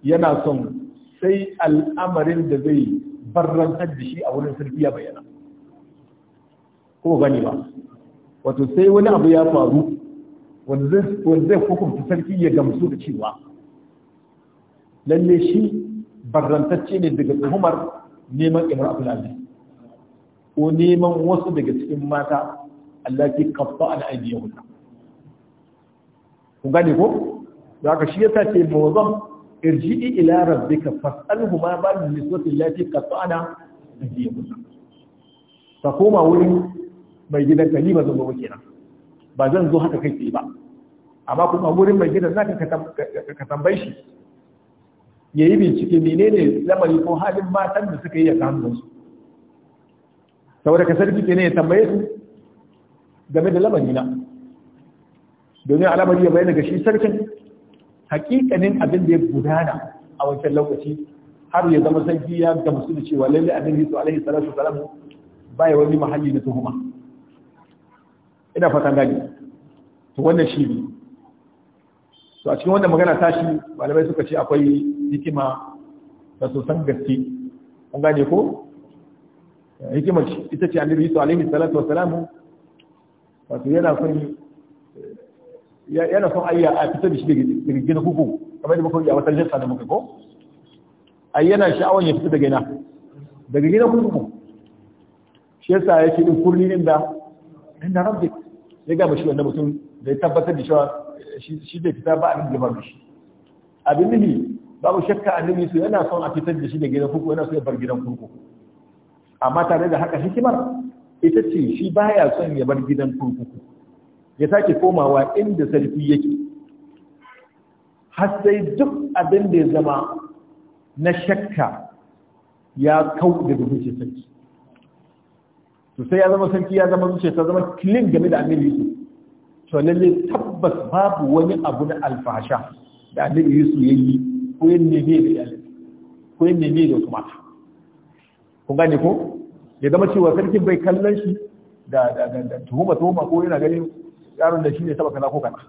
yana son sai al'amarin da zai barrantar da shi a wurin sarki ya bayyana ko gani ba wato sai wani abu ya faru wanda zai hukunta sarki ya gamsu da cewa lalle shi barantacce ne daga tuhumar neman imra'atul aziz ko neman wasu daga cikin mata Allah ke kafa an aidiyahu kun gane ko da aka shi ya ce mawazan irji'i ila rabbika fas'alhu ma ba'd niswati allati qata'na aidiyahu ta koma wurin mai gidan kalima zan gobe ba zan zo haka kai tsaye ba amma kuma wurin mai gidan za ka tambayi shi ya yi bincike menene lamari ko halin matan da suka yi a kanunsu saboda ka sarki ke ne ya tambaye su game da lamari na domin alamari ya bayyana ga shi sarkin hakikanin abin da ya gudana a wancan lokaci har ya zama sarki ya gamsu da cewa lalle annabi su alaihi salatu wasalam baya wani mahalli na tuhuma ina fatan gani to wannan shi ne to a cikin wannan magana tashi malamai suka ce akwai hikima da sosan gaske an gane ko hikimar ita ce annabi yusuf alaihi salatu wassalamu wato yana son yana son ayya a fitar da shi daga gina kuku. kamar da muka yi a wata jinsa da muka ko ai yana sha'awar ya fita daga gina, daga gina hukuku shi yasa yake din kurni din da inda rabbi ya gama shi wanda mutum da ya tabbatar da cewa shi zai fita ba abin da shi abin nufi babu shakka annabi su yana son a fitar da shi da gidan kurkuku yana son ya bar gidan kurkuku amma tare da haka hikimar ita ce shi baya son ya bar gidan kurkuku ya sake komawa inda sarki yake har sai duk abin da ya zama na shakka ya kau daga zuciyar sarki to sai ya zama sarki ya zama zuciya ta zama clean game da annabi yusuf to lalle tabbas babu wani abu na alfasha da annabi yusuf ya yi ko ya neme da iyalin ko ya neme da wasu mata ku gane ko ya zama cewa sarkin bai kallon shi da da da tuhuma tuhuma ko yana ganin yaron da shi ne saba kaza ko kaza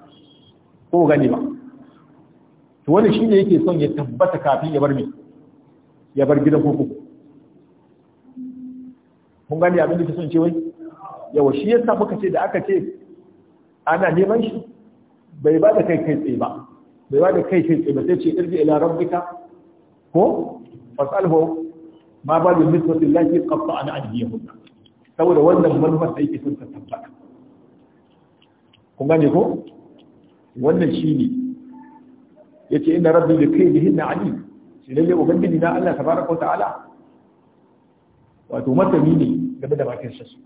ko gane ba to wani shi ne yake son ya tabbata kafin ya bar me ya bar gidan kurkuku mun gane abin da ke son ce wai yawa shi yasa muka ce da aka ce ana neman shi bai ba da kai kai tsaye ba bai ba da kai kai tsaye ba sai ce irji ila rabbika ko fasalhu ma ba da nisbati lillahi qatta an adiyahum saboda wannan manufar da yake son ta tabbata kun gane ko wannan shine yace inna rabbi bi kaydihinna alim shi lalle ubangiji na Allah tabaraka wa ta'ala wato matani ne game da makircin su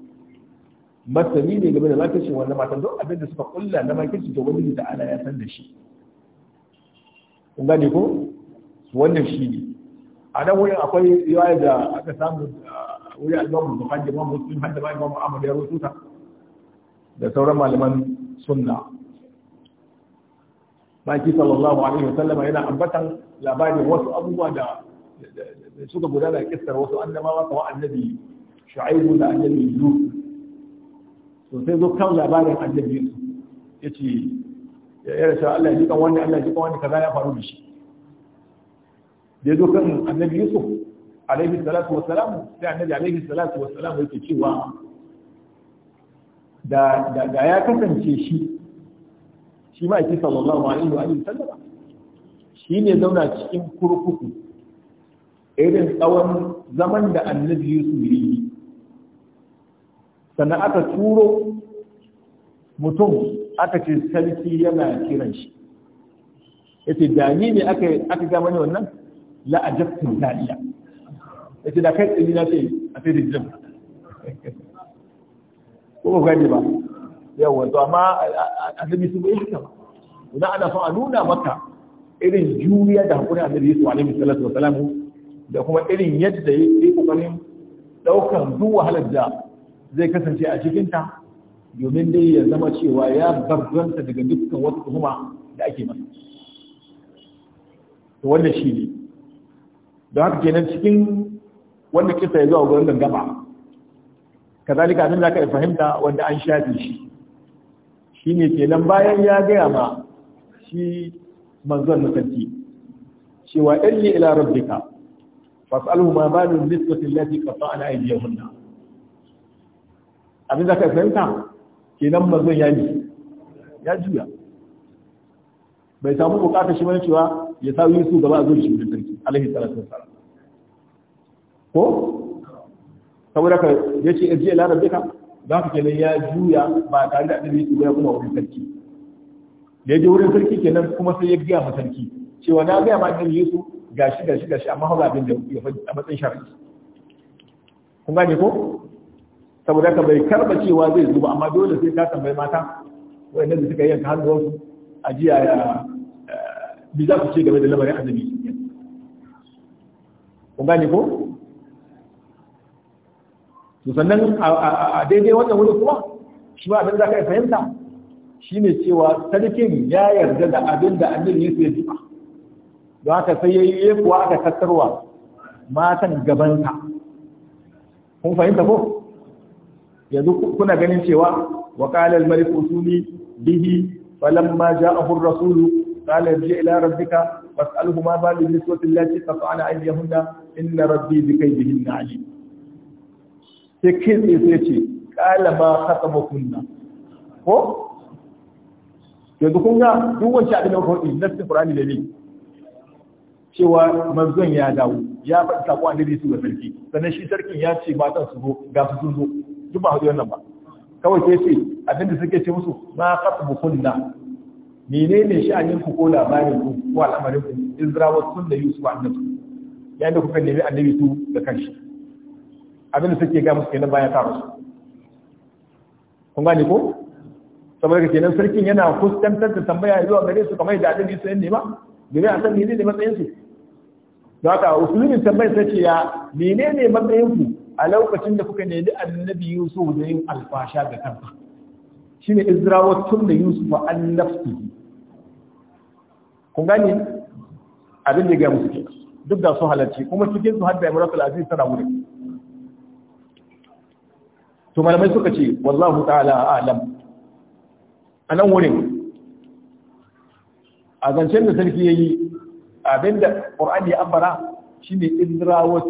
matani ne game da makircin wannan matan don abinda suka kulla na shi to wani da ala ya san da shi kun gane ko wannan shi ne a nan wurin akwai riwaya da aka samu wuri al-Imam Bukhari Imam Muslim har da Imam Ahmad ya rubuta da sauran malaman sunna baki sallallahu alaihi wasallam yana ambatan labarin wasu abubuwa da suka gudana kissar wasu annabawa kamar annabi shu'aibu da annabi yusuf to sai zo kan labarin annabi yusuf yace ya yara cewa Allah ya ji kan wani Allah ya ji wani kaza ya faru da shi da zo kan annabi yusuf alaihi salatu wassalam sai annabi alaihi salatu ya ce cewa da ya kasance shi shi ma yake sallallahu alaihi wa sallama shi ne zauna cikin kurkuku irin tsawon zaman da annabi yusuf yi sannan aka turo mutum aka ce sarki yana kiran shi ya ce da ni ne aka gama ne wannan la'ajabtin dariya ya ce da kai tsini na ce a fi da jim ko ba gani ba yawon to amma annabi su bai haka ba idan ana so a nuna maka irin juriya da hakuri annabi yusuf alaihi salatu Salamu. da kuma irin yadda ya yi kokarin daukan duk wahalar da zai kasance a cikinta domin dai ya zama cewa ya babbanta daga dukkan wata kuma da ake masu Da wannan shi ne don haka kenan cikin wanda kisa ya zuwa wurin gaba kazalika abin da ka fahimta wanda an shafe shi Shi ne kenan bayan ya gaya ma shi manzon na cewa illi ila rabbika fasalu ma balu nisbati allati qata'na aydiyahunna abin da ka fahimta kenan mazan ya ne ya juya bai samu bukatar shi bane cewa ya sa Yusuf gaba a zuwa shi da sarki alaihi salatu wassalam ko saboda ka yace irji ila rabbika za ka kenan ya juya ba tare da annabi su ya kuma wurin sarki da ya je wurin sarki kenan kuma sai ya ga ma sarki cewa na ga ma annabi Yusuf gashi gashi gashi amma hau abin da ya faɗi a matsayin shari'i kun gane ko saboda ka bai karba cewa zai zuba amma dole sai ka tambayi mata wa'annan da suka yanka hannuwansu a jiya bi eh, za ku ce game da lamarin azumi? kun gane ko to sannan a daidai wannan wuri kuma shi ba abin da ka fahimta shine cewa sarkin ya yarda da abin da annabi ya zuba don haka sai ya yi kuwa aka tattarwa matan gabanta kun fahimta ko yanzu kuna ganin cewa wa qala al malik usuli bihi falamma ja'ahu ar rasul qala ji ila rabbika fas'alhu ma balu niswati allati qata'na aydiyahunna inna rabbi bi kaydihinna alim sai kin sai ce qala ma khatabukunna ko yanzu kun ga duk wancan abin da kuka faɗi nassin qur'ani da ne cewa manzon ya dawo ya faɗi sako nabi su ga sarki sannan shi sarkin ya ce matan su zo ga su sun zo duk ba haɗu wannan ba kawai sai ce abinda suke ce musu ma khatabu kunna menene sha'anin ku ko labarin ku ko al'amarin ku izrawa sunna yusuf annabi yayin da kuka nemi annabi su da kanshi abinda suke ga musu kenan baya ta rasu kun gane ko saboda kenan sarkin yana fuskantar da tambaya zuwa gare su kamar da annabi su nema gare a san ne matsayin su don haka usulubin tambayar ta ce ya menene matsayinku a lokacin da kuka nemi annabi yusuf da yin alfasha ga kanka shine tun da yusuf an nafsi kun gani abin da ga musu ke duk da su halarci kuma cikin su hadda imratul aziz tana wurin to malamai suka ce wallahu ta'ala a'lam a nan wurin a zancen da sarki yayi abinda qur'ani ya ambara shine indirawar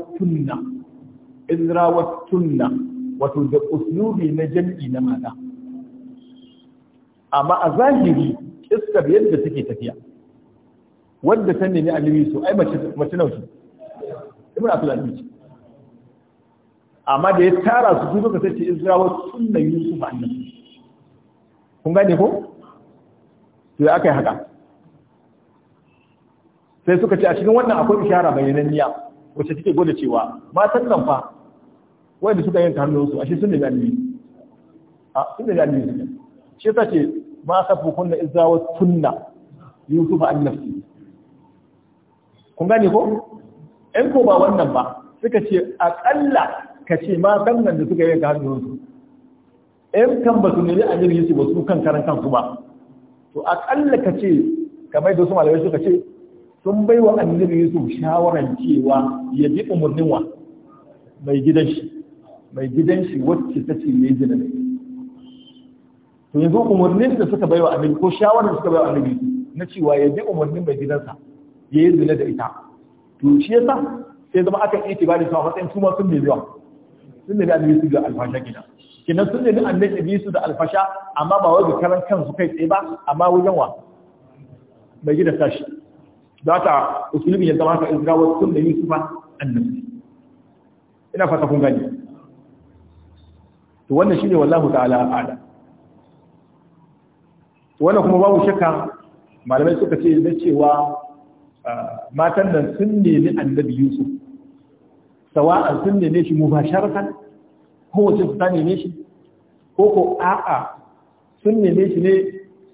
tunna wato da uslubi na jam'i na mata amma a zahiri iskar yadda take tafiya wanda ta nemi alimi su ai mace nauci ibn abdul aziz amma da ya tara su duka ta ce israwa sunna yusuf annabi kun gane ko to ya akai haka sai suka ce a cikin wannan akwai ishara bayyananniya wacce take gwada cewa matan nan fa wanda suka yanka hannunsu ashe sun nemi annabi a sun nemi annabi su shi ta ce ma fukun da izawa tunna yusufa annabi kun gane ko in ko ba wannan ba suka ce kalla ka ce san nan da suka yanka hannunsu in kan ba su nemi annabi su ba su kan karan kansu ba to kalla ka ce kamar da su malamai suka ce sun bai wa annabi yusuf shawaran cewa ya bi umarnin wa mai gidan shi mai gidan shi wacce ta ce mai gina ne to yanzu umarnin da suka bai wa annabi ko shawaran suka bai wa annabi na cewa ya bi umarnin mai gidansa ya yi zina da ita to shi yasa sai zama aka yi tibari su a matsayin su ma sun bai zuwa sun da annabi su ga alfasha gida kenan sun da annabi su da alfasha amma ba wajen karan kansu kai tsaye ba amma wajen wa mai gidan tashi Za ta usulubin ya zama ka izgawa tun da yusufa annabi ina fata kun gani to wannan shine wallahu ta'ala ala to wannan kuma babu shakka malamai suka ce da cewa ah, matan nan sun nemi annabi yusuf sawa'an sun nemi shi mubasharatan ko wace su ta ne shi ko ko a'a sun nemi shi ne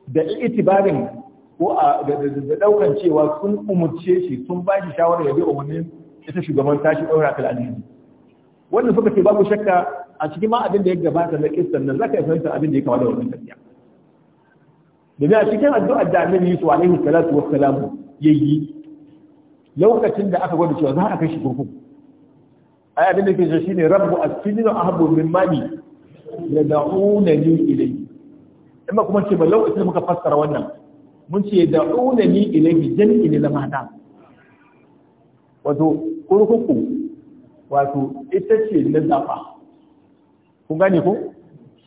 da itibarin ko a da daukan cewa sun umurce shi sun ba shi shawara ya bi umarnin ita shugaban tashi daura kal alheri wannan suka ce babu shakka a cikin ma abin da ya gabata na kissan nan zaka fahimta abin da ya kawo da wannan tafiya domin a cikin addu'ar da annabi Yusuf alaihi salatu wassalamu yayi lokacin da aka gwada cewa za a kai shi kurkuku ai abin da ke shi ne rabbu as-sinin ahabbu min mali yad'unani ilayhi amma kuma ce ba lokacin da muka fassara wannan mun ce da ni ilahi jam'i ne lamada wato kurkuku wato ita ce na zafa Ku gane ko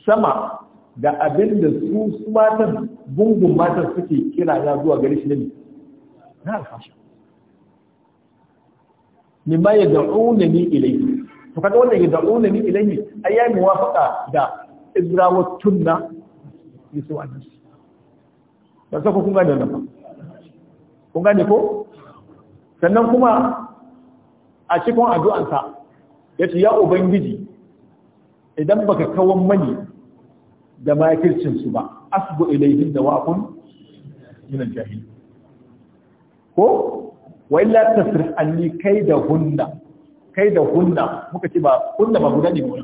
sama da abin da su su matan gungun matan suke kira ya zuwa gari shi ne na alfashi ni ma ya da'una ni ilayhi to kaga wannan ya da'una ni ilayhi ayyami wafaqa da yi na yusuf annabi ba ku kun gane nan kun gane ko sannan kuma a cikin addu'ansa yace ya ubangiji idan baka kawon mani da makircin su ba asbu ilayhi dawaqun min al-jahil ko wa illa tasrif anni kaidahunna hunna muka ce ba hunna ba guda ne ba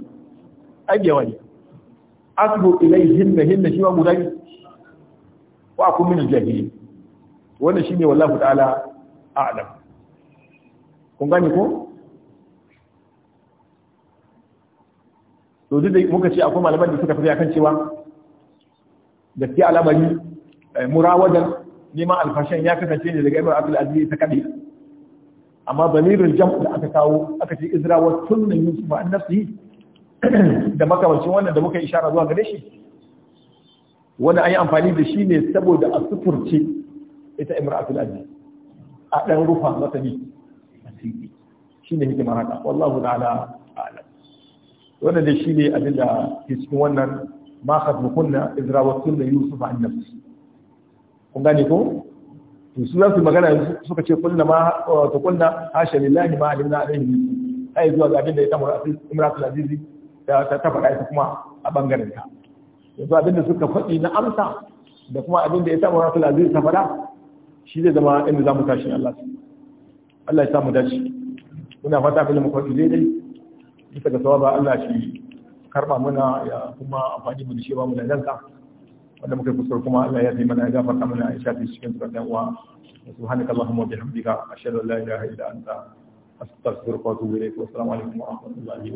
ai biya wani asbu ilayhi hinna shi ba guda ne wa kun mini jahili wannan shine wallahi ta'ala a'lam kun gani ko to dai muka ce akwai malaman da suka fara akan cewa gaskiya al'amari eh, murawadan nima alfashan ya kasance ne daga ibn abdul aziz ta kadi amma damirin jam da aka kawo aka ce izra wa sunnah yusuf an nafsi da makamancin wannan da muka yi ishara zuwa gare shi wanda an yi amfani da shi ne saboda a sufurce ita imra'atul aziz a ɗan rufa mata ne asiri shi ne hikima haka wallahu ta'ala a'lam wannan da shi ne abin da ke cikin wannan ma khatmukunna wa da yusuf an nafsi kun gane ko to su za su magana suka ce kullu ma to kullu hasha lillahi ma alimna alaihi ai zuwa ga abin da ita imratul aziz ta ta faɗa ita kuma a bangaren ta yanzu da suka faɗi na amsa da kuma abinda ya samu rasul aziz ta faɗa shi zai zama inda za mu tashi Allah Allah ya samu dace muna fata abinda muka faɗi daidai bisa ga sawaba Allah shi karba muna ya kuma amfani mu da shi ba mu da danka wanda muka kusur kuma Allah ya zima ya gafarta mana a shafi cikin tsakan uwa
subhanaka an la ilaha illa anta astaghfiruka wa atubu